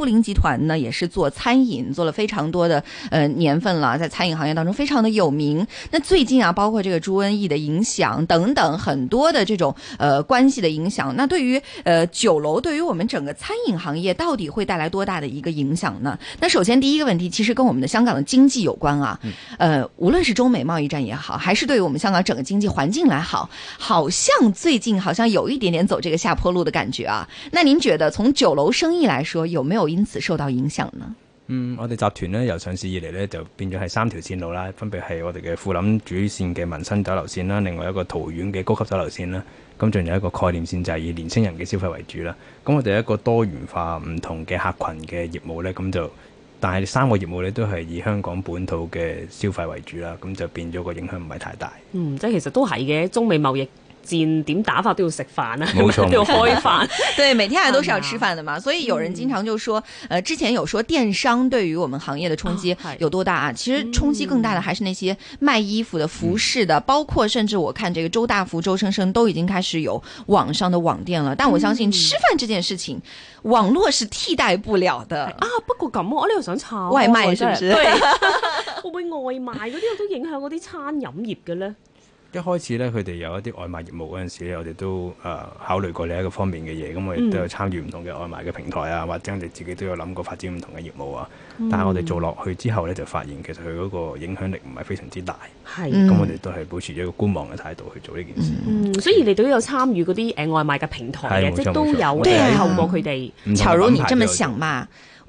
富臨集團呢，也是做餐飲，做了非常多的呃年份了，在餐飲行業當中非常的有名。那最近啊，包括這個豬瘟疫的影響等等，很多的這種呃關係的影響，那對於呃酒樓，對於我們整個餐飲行業到底會帶來多大的一個影響呢？那首先第一個問題，其實跟我們的香港的經濟有關啊。呃，無論是中美貿易戰也好，還是對於我們香港整個經濟環境來好，好像最近好像有一點點走這個下坡路的感覺啊。那您覺得從酒樓生意來說，有沒有？有因此受到影響呢？嗯，我哋集團咧由上市以嚟咧就變咗係三條線路啦，分別係我哋嘅富臨主線嘅民生酒樓線啦，另外一個桃苑嘅高級酒樓線啦，咁仲有一個概念線就係以年輕人嘅消費為主啦。咁我哋一個多元化唔同嘅客群嘅業務咧，咁就但係三個業務咧都係以香港本土嘅消費為主啦，咁就變咗個影響唔係太大。嗯，即係其實都係嘅，中美貿易。戰點打發都要食飯啊，冇錯，都要開飯。對，每天係都是要吃飯的嘛。所以有人經常就說，誒，之前有說電商對於我們行業的衝擊有多大啊？其實衝擊更大的還是那些賣衣服的、服飾的，包括甚至我看這個周大福、周生生都已經開始有網上的網店了。但我相信吃飯這件事情，網絡是替代不了的啊。不過咁，我呢度想炒外賣，是不是？會唔會外賣嗰啲都影響嗰啲餐飲業嘅呢？一開始咧，佢哋有一啲外賣業務嗰陣時咧，我哋都誒、呃、考慮過呢一個方面嘅嘢。咁、嗯、我哋都有參與唔同嘅外賣嘅平台啊，或者你自己都有諗過發展唔同嘅業務啊。嗯、但係我哋做落去之後咧，就發現其實佢嗰個影響力唔係非常之大。係是，咁、嗯、我哋都係保持咗一個觀望嘅態度去做呢件事。嗯，所以你都有參與嗰啲誒外賣嘅平台嘅，嗯、即錯都有嘅、嗯，透過佢哋。唔、嗯、錯，唔、嗯、錯。咁想嘛？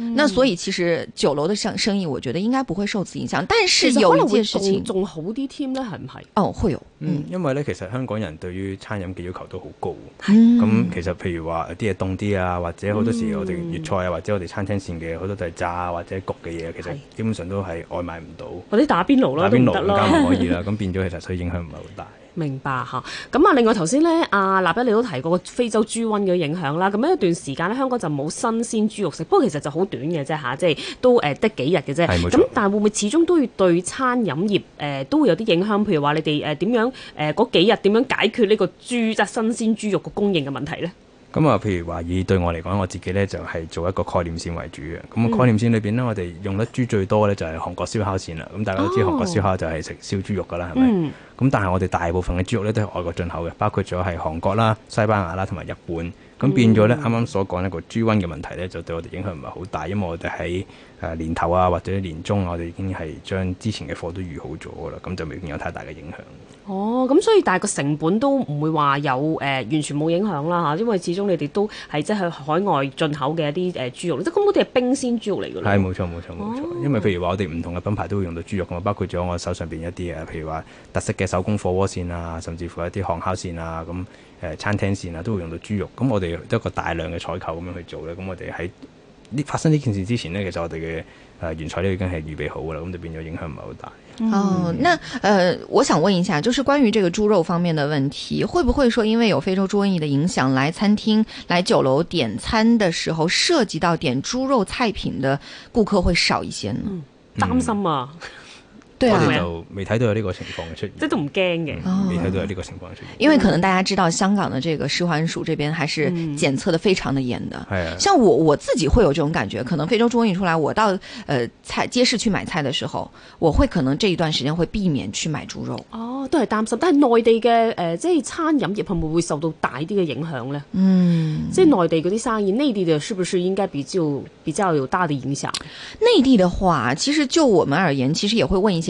嗯、那所以其實酒樓的生意我覺得應該不會受此影響，但是有一件事情仲好啲添咧，係唔係？哦，會有，嗯，因為咧其實香港人對於餐飲嘅要求都好高，咁、嗯嗯、其實譬如話啲嘢凍啲啊，或者好多時我哋粵菜啊，嗯、或者我哋餐廳線嘅好多炸啊，或者焗嘅嘢，其實基本上都係外賣唔到，或者打邊爐啦，打邊爐更加唔可以啦，咁變咗其實所以影響唔係好大。明白哈，咁啊，另外頭先咧，阿立比你都提過個非洲豬瘟嘅影響啦，咁樣一段時間咧，香港就冇新鮮豬肉食，不過其實就好短嘅啫吓，即係都誒得、呃、幾日嘅啫。咁但係會唔會始終都要對餐飲業誒、呃、都會有啲影響？譬如話你哋誒點樣誒嗰、呃、幾日點樣解決呢個豬質新鮮豬肉個供應嘅問題咧？咁啊，譬如話以對我嚟講，我自己咧就係、是、做一個概念線為主嘅。咁、嗯、概念線裏邊咧，我哋用得豬最多咧就係、是、韓國燒烤線啦。咁大家都知韓國燒烤就係食燒豬肉噶啦，係咪？咁、嗯、但係我哋大部分嘅豬肉咧都係外國進口嘅，包括咗係韓國啦、西班牙啦同埋日本。咁變咗咧，啱啱、嗯、所講一個豬瘟嘅問題咧，就對我哋影響唔係好大，因為我哋喺誒年頭啊或者年中、啊、我哋已經係將之前嘅貨都預好咗噶啦，咁就未有太大嘅影響。哦，咁所以但係個成本都唔會話有誒、呃、完全冇影響啦嚇，因為始終你哋都係即係去海外進口嘅一啲誒、呃、豬肉，即咁嗰啲係冰鮮豬肉嚟嘅咯。係冇錯冇錯冇錯，錯哦、因為譬如話我哋唔同嘅品牌都會用到豬肉，咁啊包括咗我手上邊一啲啊，譬如話特色嘅手工火鍋線啊，甚至乎一啲韓烤線啊，咁、嗯、誒、呃、餐廳線啊都會用到豬肉。咁我哋都一個大量嘅採購咁樣去做咧，咁我哋喺。呢發生呢件事之前呢，其實我哋嘅誒原材料已經係預備好噶啦，咁就變咗影響唔係好大。嗯、哦，那誒、呃，我想問一下，就是關於這個豬肉方面嘅問題，會不會說因為有非洲豬瘟疫嘅影響，來餐廳、來酒樓點餐嘅時候，涉及到點豬肉菜品的顧客會少一些呢？嗯嗯、擔心啊！ 對啊，我哋就未睇到有呢個情況嘅出現，即係都唔驚嘅，未睇、嗯、到有呢個情況出現、哦。因為可能大家知道香港的這個食環署這邊還是檢測的非常的嚴的。係啊，嗯，像我我自己會有這種感覺，可能非洲豬瘟出來，我到呃菜街市去買菜的時候，我會可能這一段時間會避免去買豬肉。哦，都係擔心，但係內地嘅誒、呃，即係餐飲業係咪會受到大啲嘅影響咧？嗯，即係內地嗰啲生意，內地嘅是不是應該比較比較有大的影響？內、嗯、地的話，其實就我們而言，其實也會問一些。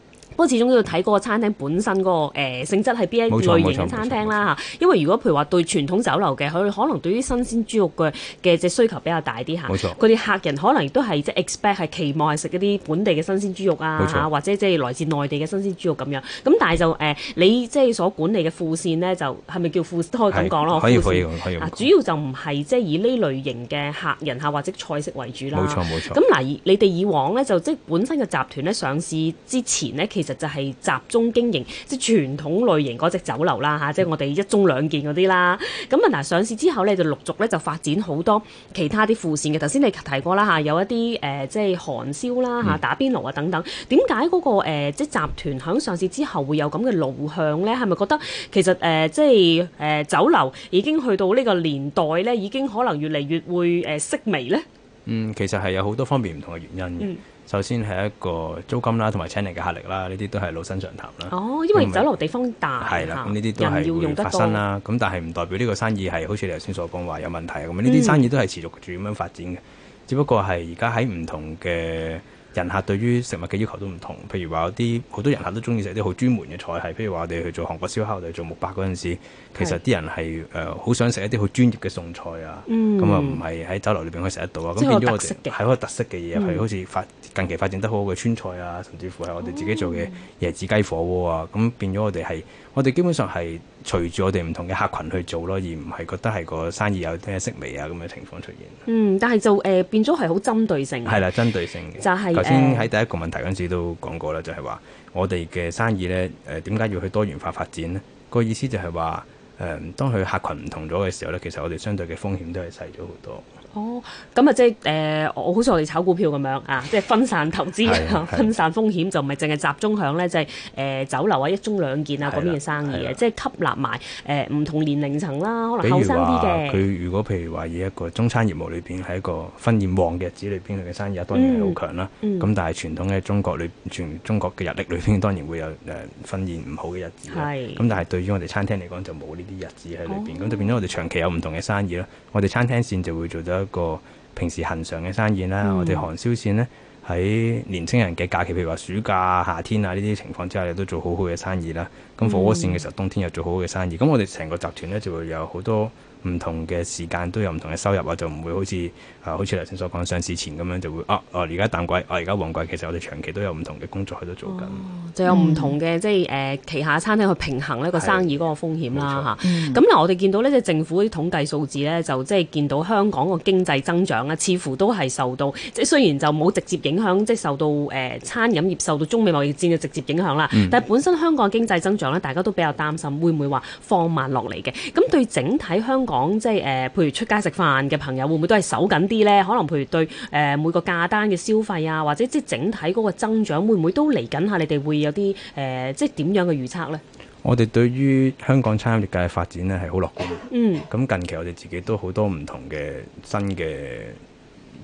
不過始終都要睇嗰個餐廳本身嗰、嗰個、呃、性質係邊一類型嘅餐廳啦嚇，因為如果譬如話對傳統酒樓嘅，佢可能對於新鮮豬肉嘅嘅只需求比較大啲嚇，佢哋冇錯，客人可能亦都係即係 expect 係期望係食一啲本地嘅新鮮豬肉啊，冇錯，或者即係來自內地嘅新鮮豬肉咁樣。咁但係就誒、呃，你即係所管理嘅副線呢，就係咪叫副可以咁講咯？可以可以可以。啊副線，主要就唔係即係以呢類型嘅客人嚇或者菜式為主啦。冇錯。咁嗱，你哋以往呢，就即係本身嘅集團咧上市之前呢。其實就係集中經營，即係傳統類型嗰隻酒樓啦嚇，即係我哋一盅兩件嗰啲啦。咁啊嗱，上市之後咧，你就陸續咧就發展好多其他啲副線嘅。頭先你提過啦嚇，有一啲誒、呃、即係韓燒啦嚇、打邊爐啊等等。點解嗰個、呃、即係集團響上市之後會有咁嘅路向咧？係咪覺得其實誒、呃、即係誒、呃、酒樓已經去到呢個年代咧，已經可能越嚟越會誒式微咧？嗯，其實係有好多方面唔同嘅原因嘅。嗯、首先係一個租金啦，同埋請人嘅壓力啦，呢啲都係老生常談啦。哦，因為酒樓地方大，係啦，咁呢啲都係會發生啦。咁但係唔代表呢個生意係好似你頭先所講話有問題。咁呢啲生意都係持續住咁樣發展嘅，嗯、只不過係而家喺唔同嘅。人客對於食物嘅要求都唔同，譬如話有啲好多人客都中意食啲好專門嘅菜系，譬如話我哋去做韓國燒烤，我哋做木白嗰陣時，其實啲人係誒好想食一啲好專業嘅餸菜啊，咁啊唔係喺酒樓裏邊可以食得到啊。咁、嗯、變咗我哋係一個特色嘅嘢，係好似發近期發展得好好嘅川菜啊，甚至乎係我哋自己做嘅椰子雞火鍋啊，咁、嗯、變咗我哋係。我哋基本上係隨住我哋唔同嘅客群去做咯，而唔係覺得係個生意有啲息微啊咁嘅情況出現。嗯，但係就誒、呃、變咗係好針對性。係啦，針對性嘅。就係頭先喺第一個問題嗰陣時都講過啦，就係、是、話我哋嘅生意咧誒點解要去多元化發展咧？個意思就係話誒當佢客群唔同咗嘅時候咧，其實我哋相對嘅風險都係細咗好多。哦，咁啊，即係誒，我好似我哋炒股票咁樣啊，即係分散投資，分散風險就唔係淨係集中喺咧，即係誒酒樓啊一盅兩件啊嗰邊嘅生意嘅，即係吸納埋誒唔同年齡層啦，可能後生啲嘅。佢如果譬如話以一個中餐業務裏邊喺一個婚宴旺嘅日子裏邊嘅生意，當然係好強啦。咁但係傳統嘅中國裏，全中國嘅日曆裏邊當然會有誒婚宴唔好嘅日子。係。咁但係對於我哋餐廳嚟講就冇呢啲日子喺裏邊，咁就變咗我哋長期有唔同嘅生意咯。我哋餐廳線就會做得一個平時恒常嘅生意啦，嗯、我哋韓燒線呢，喺年輕人嘅假期，譬如話暑假、夏天啊呢啲情況之下，都做好好嘅生意啦。咁火鍋線嘅時候，嗯、冬天又做好好嘅生意。咁我哋成個集團呢，就會有好多。唔同嘅時間都有唔同嘅收入，我啊，就唔會好似啊，好似頭先所講上市前咁樣就會而家、啊啊、淡季而家旺季，其實我哋長期都有唔同嘅工作喺度做緊、哦，就有唔同嘅、嗯、即係、呃、旗下餐廳去平衡呢個生意嗰個風險啦嚇。咁嗱，啊嗯、我哋見到呢即政府啲統計數字呢，就即係見到香港個經濟增長咧，似乎都係受到即係雖然就冇直接影響，即係受到誒、呃、餐飲業受到中美貿易戰嘅直接影響啦。嗯、但係本身香港經濟增長咧，大家都比較擔心會唔會話放慢落嚟嘅。咁對整體香港，講即係誒，譬、呃、如出街食飯嘅朋友，會唔會都係守緊啲呢？可能譬如對誒、呃、每個價單嘅消費啊，或者即係整體嗰個增長，會唔會都嚟緊？下你哋會有啲誒、呃，即係點樣嘅預測呢？我哋對於香港餐飲業界嘅發展呢，係好樂觀。嗯。咁近期我哋自己都好多唔同嘅新嘅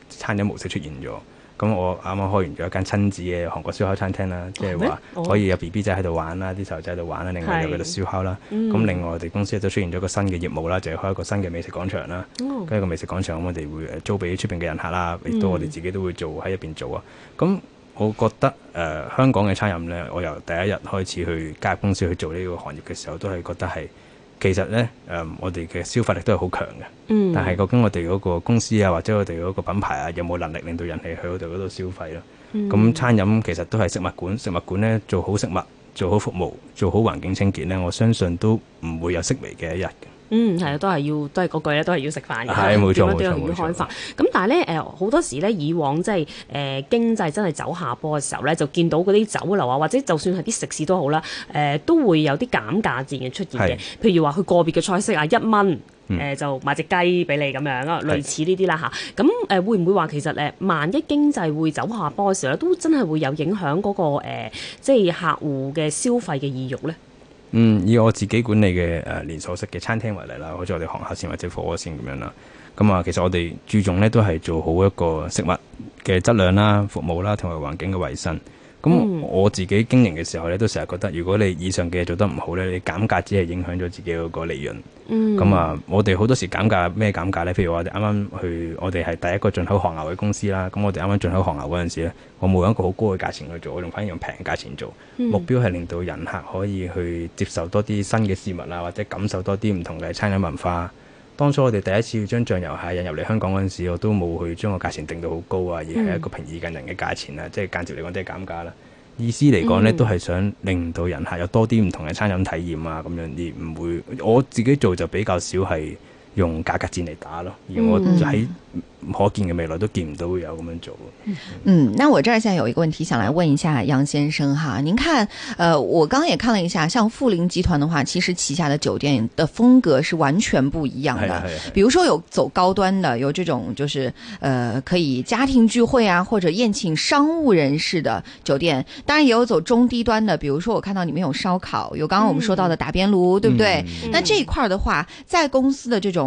餐飲模式出現咗。咁我啱啱開完咗一間親子嘅韓國燒烤餐廳啦，即係話可以有 BB 仔喺度玩啦，啲細路仔喺度玩啦，另外又喺度燒烤啦。咁 Yes .、mm. 另外我哋公司都出現咗一個新嘅業務啦，就係、是、開一個新嘅美食廣場啦。跟住、oh. 個美食廣場，我哋會租俾出邊嘅人客啦，亦都我哋自己都會面做喺入邊做啊。咁、mm. 我覺得誒、呃、香港嘅餐飲咧，我由第一日開始去加入公司去做呢個行業嘅時候，都係覺得係。其實呢，誒、嗯，我哋嘅消費力都係好強嘅，但係究竟我哋嗰個公司啊，或者我哋嗰個品牌啊，有冇能力令到人氣喺我哋嗰度消費咧？咁、嗯、餐飲其實都係食物館，食物館呢，做好食物、做好服務、做好環境清潔呢，我相信都唔會有息微嘅一日。嗯，係啊，都係要，都係嗰句咧，都係要食飯嘅，冇錯冇樣錯都要開飯。咁錯但係咧，誒、呃、好多時咧，以往即係誒經濟真係走下坡嘅時候咧，就見到嗰啲酒樓啊，或者就算係啲食肆都好啦，誒、呃、都會有啲減價戰嘅出現嘅。的譬如話，佢個別嘅菜式啊，一蚊誒、嗯呃、就買隻雞俾你咁樣啊，類似呢啲啦吓，咁誒的會唔會話其實誒萬一經濟會走下坡嘅時候咧，都真係會有影響嗰、那個、呃呃、即係客戶嘅消費嘅意欲咧？嗯，以我自己管理嘅誒、呃、連鎖式嘅餐廳為例啦，好似我哋韓客線或者火鍋線咁樣啦。咁、嗯、啊，其實我哋注重呢都係做好一個食物嘅質量啦、服務啦同埋環境嘅衞生。咁、嗯、我自己經營嘅時候咧，都成日覺得，如果你以上嘅嘢做得唔好咧，你減價只係影響咗自己嗰個利潤。咁、嗯、啊，我哋好多時減價咩減價咧？譬如我哋啱啱去，我哋係第一個進口韓牛嘅公司啦。咁我哋啱啱進口韓牛嗰陣時咧，我冇一個好高嘅價錢去做，我仲反而用平價錢做，目標係令到人客可以去接受多啲新嘅事物啊，或者感受多啲唔同嘅餐飲文化。當初我哋第一次要將醬油蟹引入嚟香港嗰陣時，我都冇去將個價錢定到好高啊，而係一個平易近人嘅價錢啊，嗯、即係間接嚟講都係減價啦。意思嚟講咧，都係想令到人客有多啲唔同嘅餐飲體驗啊，咁樣而唔會我自己做就比較少係。用價格戰嚟打咯，而我喺可見嘅未來都見唔到會有咁樣做。嗯，那我這兒現在有一個問題想來問一下楊先生哈，您看，呃，我剛剛也看了一下，像富臨集團的話，其實旗下的酒店的風格是完全不一樣的。嗯、比如說有走高端的，有這種就是，呃，可以家庭聚會啊或者宴請商務人士的酒店，當然也有走中低端的，比如說我看到裏面有燒烤，有剛剛我們說到的打邊爐，嗯、對不對？那這一塊的話，在公司的這種。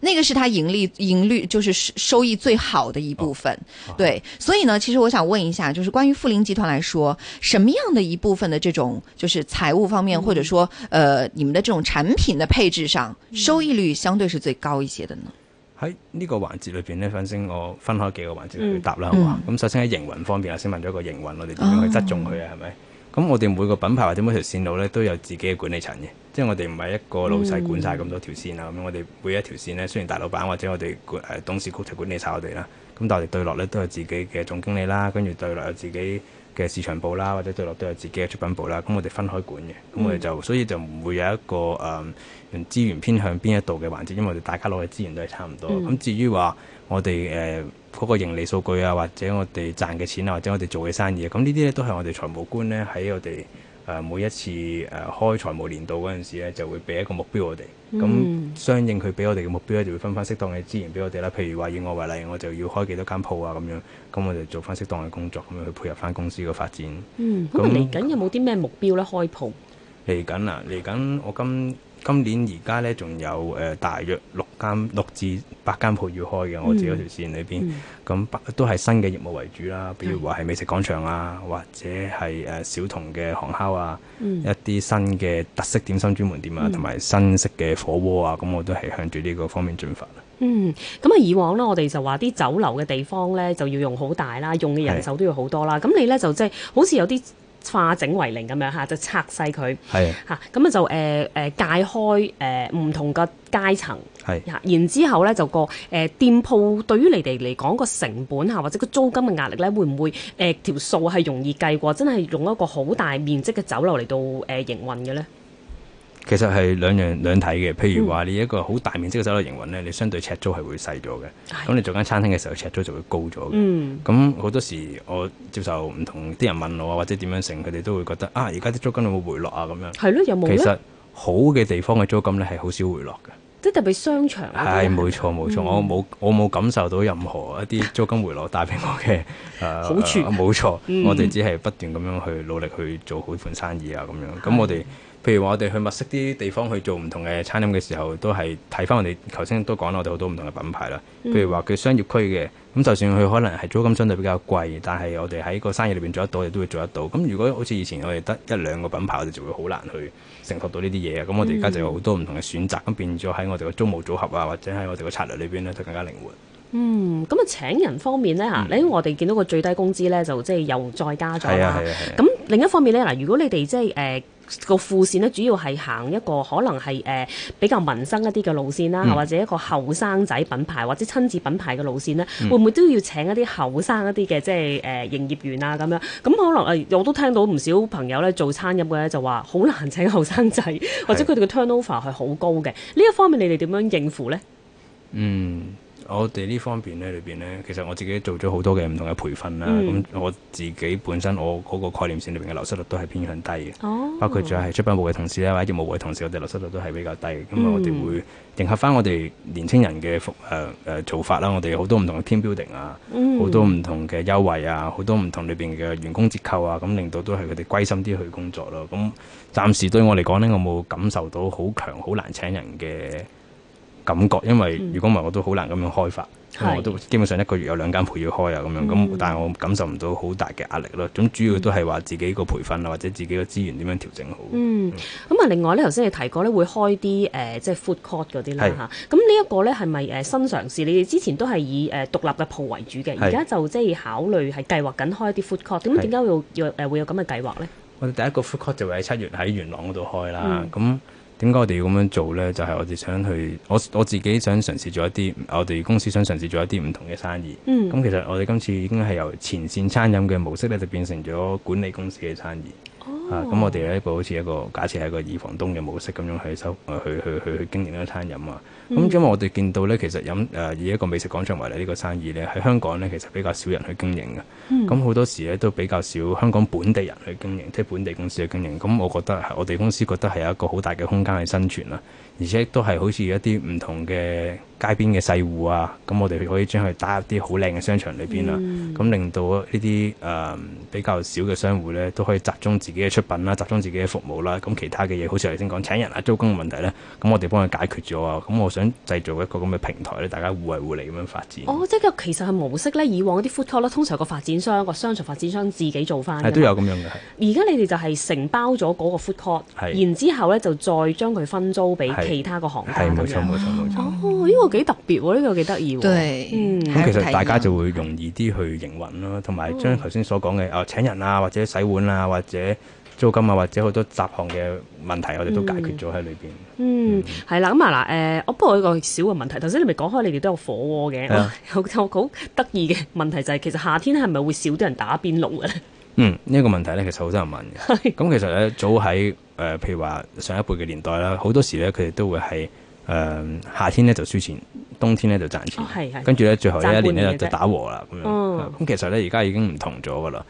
那個是它盈利、盈率就是收益最好的一部分，哦哦、對。所以呢，其實我想問一下，就是關於富臨集團來說，什麼樣的一部分的這種就是財務方面，嗯、或者說呃，你們的這種產品的配置上，收益率相對是最高一些的呢？喺呢個環節裏邊呢，反正我分開幾個環節去答啦，嗯、好嘛。咁首先喺營運方面啊，我先問咗一個營運，我哋點樣去側重佢啊，係咪、哦？是不是咁我哋每個品牌或者每條線路咧，都有自己嘅管理層嘅，即係我哋唔係一個老細管晒咁多條線啊咁、嗯、我哋每一條線咧，雖然大老闆或者我哋誒、呃、董事局就管理晒我哋啦，咁但我哋對落咧都有自己嘅總經理啦，跟住對落有自己嘅市場部啦，或者對落都有自己嘅出品部啦。咁我哋分開管嘅，咁我哋就、嗯、所以就唔會有一個誒用、呃、資源偏向邊一度嘅環節，因為我哋大家攞嘅資源都係差唔多。咁、嗯、至於話我哋誒。呃嗰個盈利數據啊，或者我哋賺嘅錢啊，或者我哋做嘅生意啊，咁呢啲咧都係我哋財務官咧喺我哋誒、呃、每一次誒、呃、開財務年度嗰陣時咧，就會俾一個目標我哋。咁、嗯、相應佢俾我哋嘅目標咧，就會分翻適當嘅資源俾我哋啦。譬如話以我為例，我就要開幾多間鋪啊咁樣，咁我哋做翻適當嘅工作，咁樣去配合翻公司嘅發展。嗯，咁嚟緊有冇啲咩目標咧？開鋪？嚟緊啊，嚟緊！我今今年而家咧仲有誒大約六間六至八間鋪要開嘅，我自己條線裏邊，咁、嗯嗯、都係新嘅業務為主啦。比如話係美食廣場啊，嗯、或者係誒小童嘅韓烤啊，嗯、一啲新嘅特色點心專門店啊，同埋、嗯、新式嘅火鍋啊，咁我都係向住呢個方面進發。嗯，咁啊，以往呢，我哋就話啲酒樓嘅地方呢，就要用好大啦，用嘅人手都要好多啦。咁是你呢，就即係好似有啲。化整為零咁是的 樣嚇，呃呃呃是的，就拆細佢嚇，咁啊就誒誒界開誒唔同個階層嚇，然之後咧就個誒店鋪對於你哋嚟講個成本嚇，或者個租金嘅壓力咧，會唔會誒條數係容易計過？真係用一個好大面積嘅酒樓嚟到誒營運嘅咧？呃其實係兩樣兩睇嘅，譬如話你一個好大面積嘅酒樓營運咧，你相對尺租係會細咗嘅。咁、哎、呀你做間餐廳嘅時候，尺租就會高咗。咁好、嗯、多時我接受唔同啲人問我啊，或者點樣成，佢哋都會覺得啊，而家啲租金有冇回落啊咁樣。係咯，有冇咧？其實好嘅地方嘅租金咧係好少回落嘅，即係特別商場係冇錯冇錯，錯嗯、我冇我冇感受到任何一啲租金回落帶俾我嘅啊、呃、好處冇、嗯、錯，我哋只係不斷咁樣去努力去做好盤生意啊咁樣。咁、嗯嗯、我哋。譬如話，我哋去物色啲地方去做唔同嘅餐飲嘅時候，都係睇翻我哋頭先都講啦，我哋好多唔同嘅品牌啦。譬如話，嗯，佢商業區嘅咁，就算佢可能係租金相對比較貴，但係我哋喺個生意裏邊做得到，亦都會做得到。咁如果好似以前我哋得一兩個品牌，我哋就會好難去承托到呢啲嘢。咁我哋而家就有好多唔同嘅選擇，咁變咗喺我哋嘅租務組合啊，或者喺我哋嘅策略裏邊呢，就更加靈活。嗯，咁啊請人方面呢，嚇、嗯，咧我哋見到個最低工資呢，就即係又再加咗啦。咁另一方面咧嗱，如果你哋即係誒。呃個副線咧，主要係行一個可能係誒、呃、比較民生一啲嘅路線啦，嗯、或者一個後生仔品牌或者親子品牌嘅路線咧，嗯、會唔會都要請一啲後生一啲嘅即係誒、呃、營業員啊咁樣？咁可能誒、呃、我都聽到唔少朋友咧做餐飲嘅咧就話好難請後生仔，是或者佢哋嘅 turnover 係好高嘅呢一方面，你哋點樣應付咧？嗯。我哋呢方面咧，裏邊咧，其實我自己做咗好多嘅唔同嘅培訓啦。咁、嗯、我自己本身我嗰個概念線裏邊嘅流失率都係偏向低嘅。哦、包括仲係出品部嘅同事啦，或者業務部嘅同事，我哋流失率都係比較低。嘅、嗯。咁我哋會迎合翻我哋年青人嘅服誒做法啦。我哋好多唔同嘅 team building 啊、嗯，好多唔同嘅優惠啊，好多唔同裏邊嘅員工折扣啊，咁令到都係佢哋歸心啲去工作咯。咁暫時對我嚟講咧，我冇感受到好強好難請人嘅感覺，因為如果唔係，我都好難咁樣開發。我都基本上一個月有兩間鋪要開啊，咁樣咁，但係我感受唔到好大嘅壓力咯。咁主要都係話自己個培訓啊，或者自己個資源點樣調整好。嗯，咁啊、嗯，另外咧，頭先你提過咧，會開啲誒、呃，即係 food court 嗰啲啦嚇。咁是、啊、呢一個咧係咪誒新嘗試？你哋之前都係以誒獨立嘅鋪為主嘅，而家就即係考慮係計劃緊開啲 food court。點解點解會要誒會有咁嘅是、呃、計劃咧？我哋第一個 food court 就會喺七月喺元朗嗰度開啦。咁、嗯嗯點解我哋要咁樣做呢？就係、是、我哋想去，我我自己想嘗試做一啲，我哋公司想嘗試做一啲唔同嘅生意。嗯，咁其實我哋今次已經係由前線餐飲嘅模式咧，就變成咗管理公司嘅生意。咁、哦啊、我哋有一個好似一個，假設係一個二房東嘅模式咁樣去收，去去去去，去經營一餐飲啊。咁、嗯、因為我哋見到咧，其實飲誒以一個美食廣場為例呢個生意咧，喺香港咧其實比較少人去經營嘅。咁好、嗯、多時咧都比較少香港本地人去經營，即係本地公司去經營。咁我覺得係我哋公司覺得係有一個好大嘅空間去生存啦，而且都係好似一啲唔同嘅街邊嘅細戶啊，咁我哋可以將佢打入啲好靚嘅商場裏邊啦。咁、嗯、令到呢啲誒比較少嘅商戶咧，都可以集中自己嘅出品啦，集中自己嘅服務啦。咁其他嘅嘢，好似頭先講請人啊、租金嘅問題咧，咁我哋幫佢解決咗啊。咁我想製造一個咁嘅平台咧，大家互惠互利咁樣發展。哦，即係其實係模式咧，以往啲 food court 啦，通常個發展商、個商場發展商自己做翻嘅。係都有咁樣嘅。而家你哋就係承包咗嗰個 food court，然之後咧就再將佢分租俾其他個行業。係冇錯冇錯冇錯。哦，呢個幾特別喎，呢個幾得意喎。對，嗯。咁其實大家就會容易啲去營運啦，同埋將頭先所講嘅啊請人啊，或者洗碗啊，或者。租金啊，或者好多雜項嘅問題，我哋都解決咗喺裏邊。嗯，係啦、嗯，咁啊嗱，誒、呃，我不過有一個小嘅問題。頭先你咪講開，你哋都有火鍋嘅的、哦，好就好得意嘅問題就係、是，其實夏天係咪會少啲人打邊爐嘅咧？嗯，呢、這個問題咧，其實好多人問嘅。咁的其實咧，早喺誒、呃，譬如話上一輩嘅年代啦，好多時咧，佢哋都會係誒、呃、夏天咧就輸錢，冬天咧就賺錢。哦、跟住咧，最後一,一年咧就打和啦咁樣。咁、嗯、其實咧，而家已經唔同咗㗎喇。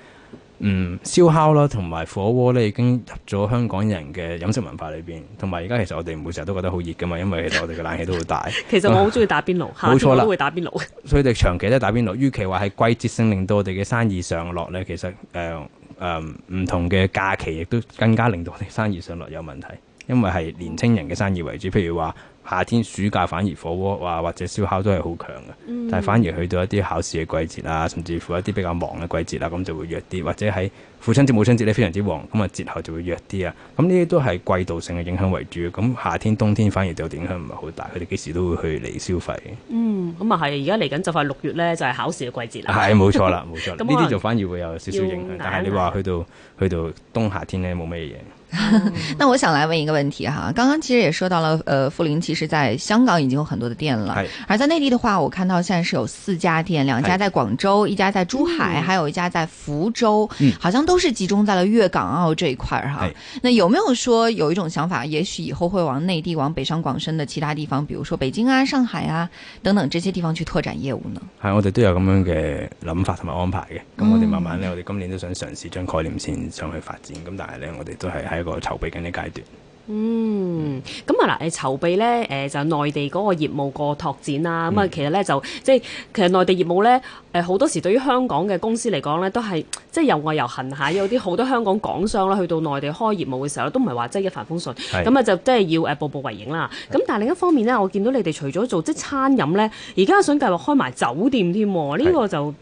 嗯，燒烤啦，同埋火鍋咧，已經入咗香港人嘅飲食文化裏邊。同埋而家其實我哋唔會成日都覺得好熱㗎嘛，因為其實我哋嘅冷氣都好大。 其實我好中意打邊爐，嗯、夏天都會打邊爐。 所以，哋長期都係打邊爐。與其話係季節性令到我哋嘅生意上落咧，其實誒誒，呃呃、唔同嘅假期亦都更加令到我哋生意上落有問題，因為係年青人嘅生意為主，譬如話。夏天暑假反而火鍋啊或者燒烤都係好強嘅，但係反而去到一啲考試嘅季節啊，甚至乎一啲比較忙嘅季節啦，咁就會弱啲，或者喺，父親節、母親節咧非常之旺，咁啊節後就會弱啲啊，咁呢啲都係季度性嘅影響為主，咁夏天、冬天反而就影響唔係好大，佢哋幾時都會去嚟消費。嗯，咁啊係，而家嚟緊就快六月咧，就係、是、考試嘅季節啦。係冇錯啦，冇錯。咁呢啲 可能 就反而會有少少影響，硬硬，但係你話去到去到冬夏天咧，冇咩嘢。嗯、 那我想嚟問一個問題哈，剛剛其實也說到了，呃，富臨其實在香港已經有很多嘅店啦，是而在內地嘅話，我看到現在是有四家店，兩家在廣州，是一家在珠海，嗯、還有一家在福州，嗯、好像都。都是集中在了粵港澳這一塊哈，是那有沒有說有一種想法，也許以後會往內地、往北上廣深的其他地方，比如說北京啊、上海啊等等這些地方去拓展業務呢？係，我哋都有咁樣嘅諗法同埋安排嘅。咁我哋慢慢咧，我哋今年都想嘗試將概念先上去發展，咁、嗯、但係咧，我哋都係喺一個籌備緊嘅階段。嗯，咁啊嗱，你籌備咧，誒、呃、就內地嗰個業務個拓展啦、啊，咁啊、嗯、其實咧就即係其實內地業務咧，誒、呃、好多時對於香港嘅公司嚟講咧，都係即係由外由行下有啲好多香港港商啦，去到內地開業務嘅時候都唔係話即係一帆風順，咁啊是、嗯嗯、就即係要誒步步為營啦。咁是 但係另一方面咧，我見到你哋除咗做即係餐飲咧，而家想計劃開埋酒店添，呢、這個就是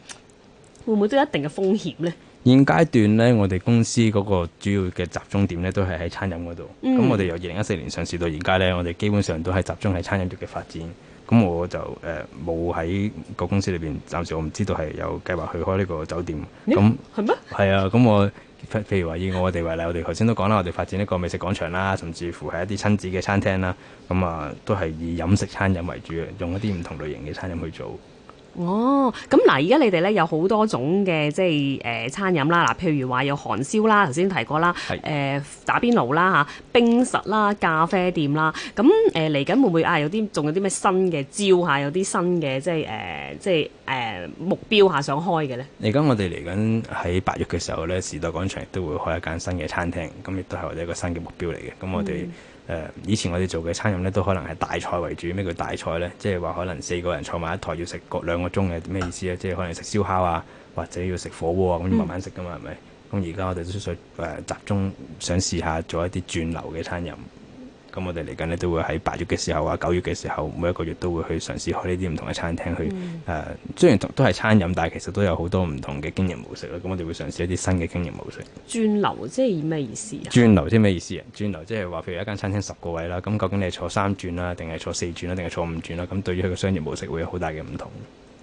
會唔會都有一定嘅風險咧？現階段咧，我哋公司嗰個主要嘅集中點咧，都係喺餐飲嗰度。咁、嗯、我哋由二零一四年上市到而家咧，我哋基本上都係集中喺餐飲業嘅發展。咁我就誒冇喺個公司裏邊，暫時我唔知道係有計劃去開呢個酒店。咁係咩？係樣嗎啊，咁我譬如話以我哋為例，我哋頭先都講啦，我哋發展一個美食廣場啦，甚至乎係一啲親子嘅餐廳啦。咁啊，都係以飲食、餐飲為主嘅，用一啲唔同類型嘅餐飲去做。哦，咁嗱，而家你哋咧有好多種嘅，即係誒、呃、餐飲啦，嗱，譬如話有韓燒啦，頭先提過啦，誒打是、呃、邊爐啦嚇，冰實冰室啦，咖啡店啦，咁誒嚟緊會唔會啊有啲仲有啲咩新嘅招嚇，有啲新嘅即係誒、呃、即係誒、呃、目標下想開嘅咧？嚟緊我哋嚟緊喺八月嘅時候咧，時代廣場亦都會開一間新嘅餐廳，咁亦都係我哋一個新嘅目標嚟嘅，咁我哋、嗯。誒、uh, 以前我哋做嘅餐飲咧，都可能係大菜為主，咩叫大菜咧？即係話可能四個人坐埋一台要食個兩個鐘嘅咩意思咧？即、就、係、是、可能食燒烤啊，或者要食火鍋啊，咁要慢慢食噶嘛，係咪、嗯？咁而家我哋都想咗、呃、集中想試下做一啲轉流嘅餐飲。咁我哋嚟緊咧都會喺八月嘅時候啊、九月嘅時候，每一個月都會去嘗試開呢啲唔同嘅餐廳去誒、嗯呃。雖然都係餐飲，但係其實都有好多唔同嘅經營模式啦。咁我哋會嘗試一啲新嘅經營模式轉轉。轉流即係咩意思啊？轉流即係咩意思啊？轉流即係話，譬如一間餐廳十個位啦，咁究竟你係坐三轉啦，定係坐四轉啦，定係坐五轉啦？咁對於佢嘅商業模式會有好大嘅唔同。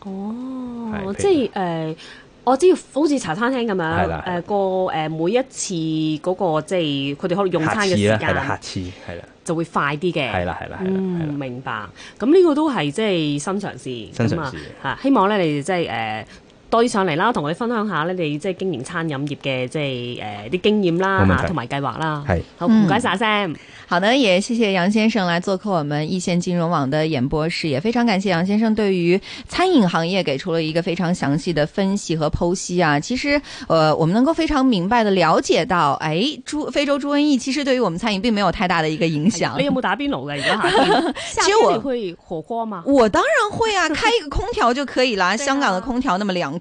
哦，即係誒。Uh, 我知，好似茶餐廳咁樣誒，個誒每一次嗰個即係佢哋可能用餐嘅時間下，下次係啦，就會快啲嘅係啦係啦係啦，明白。咁呢個都係即係新嘗試，新嘗試嚇、嗯。希望咧你哋即係誒。呃多啲上嚟啦，同我哋分享下咧，你即係經營餐飲業嘅，即係誒啲經驗啦，同埋計劃啦。係是好唔該晒 Sam，、嗯、好呢也謝謝楊先生來做客我們一線金融網的演播室也，也非常感謝楊先生對於餐飲行業給出了一個非常詳細的分析和剖析啊。其實，誒、呃，我們能夠非常明白地了解到，誒，豬非洲豬瘟疫其實對於我們餐飲並沒有太大的一個影響。你有冇打邊爐嘅而家？夏天你會火鍋嗎？我, 我當然會啊，開一個空調就可以啦。 香港的空調那麼涼。